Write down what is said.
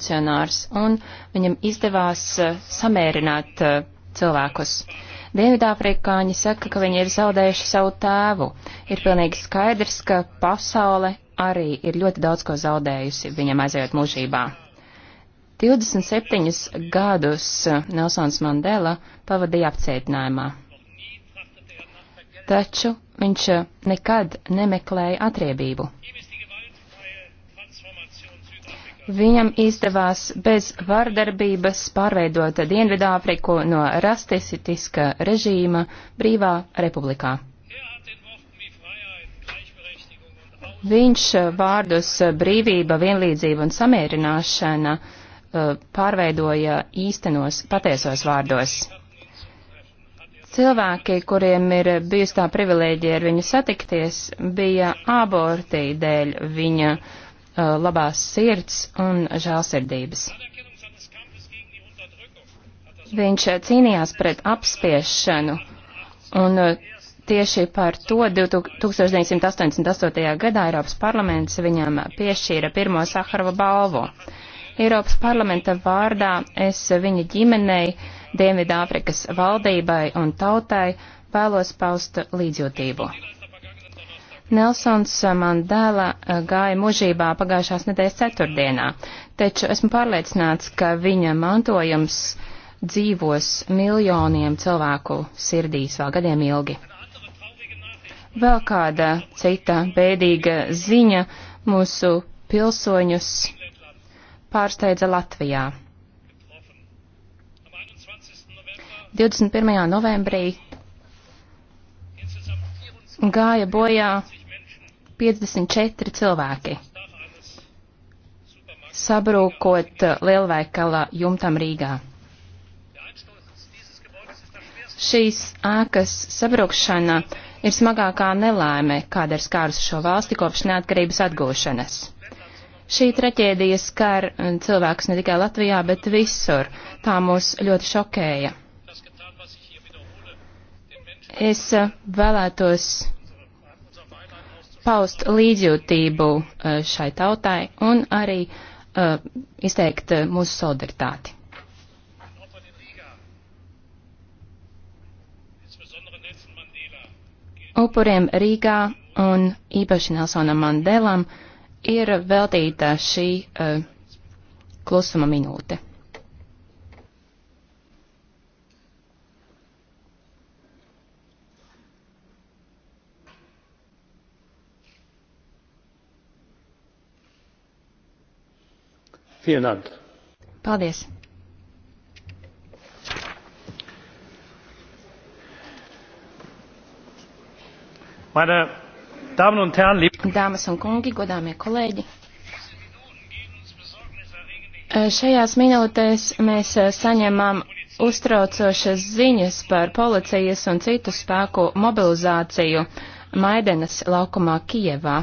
revolucionārs, un viņam izdevās eh, samērināt eh, cilvēkus. Dienvidāfrikāņi saka, ka viņi ir zaudējuši savu tēvu. Ir pilnīgi skaidrs, ka pasaule arī ir ļoti daudz ko zaudējusi viņam aizējot mūžībā. 27 gadus eh, Nelsons Mandela pavadīja apcietinājumā. Taču viņš nekad nemeklēja atriebību. Viņam izdevās bez vardarbības pārveidot Dienvidāfriku no rastisitiska režīma brīvā republikā. Viņš vārdus brīvība, vienlīdzība un samierināšana uh, pārveidoja īstenos, patiesos vārdos. Cilvēki, kuriem ir bijusi tā privilēģija ar viņu satikties, bija abortī dēļ viņa uh, Uh, labās sirds un žēlsirdības. Viņš uh, cīnījās pret apspiešanu, un uh, tieši par to 1988. gadā Eiropas parlaments viņam piešķīra pirmo Saharova balvu. Eiropas parlamenta vārdā es viņa ģimenei, Dienvidāfrikas valdībai un tautai vēlos paust līdzjūtību. Nelsons eh, Mandela eh, gāja mužībā pagājušās nedēļas ceturtdienā, taču esmu pārliecināts, ka viņa mantojums dzīvos miljoniem cilvēku sirdīs vēl gadiem ilgi. Vēl kāda cita bēdīga ziņa mūsu pilsoņus pārsteidza Latvijā. 21. novembrī gāja bojā 54 cilvēki. Sabrūkot lielveikala jumtam Rīgā. Šīs ēkas sabrukšana ir smagākā nelaime, kāda ir skārus šo valsti kopš neatkarības atgūšanas. Šī traģēdija skar mm, cilvēkus ne tikai Latvijā, bet visur. Tā mūs ļoti šokēja. Es eh, vēlētos paust līdzjūtību eh, šai tautai un arī uh, izteikt eh, mūsu solidaritāti. Upuriem Rīgā un īpaši Nelsonam Mandelam ir veltīta šī uh, klusuma minūte. Vielen Dank. Paldies. Meine Damen und Herren, liebe Dāmas un kungi, godāmie kolēģi. Šajās minūtēs mēs saņemam uztraucošas ziņas par policijas un citu spēku mobilizāciju Maidenas laukumā Kijevā.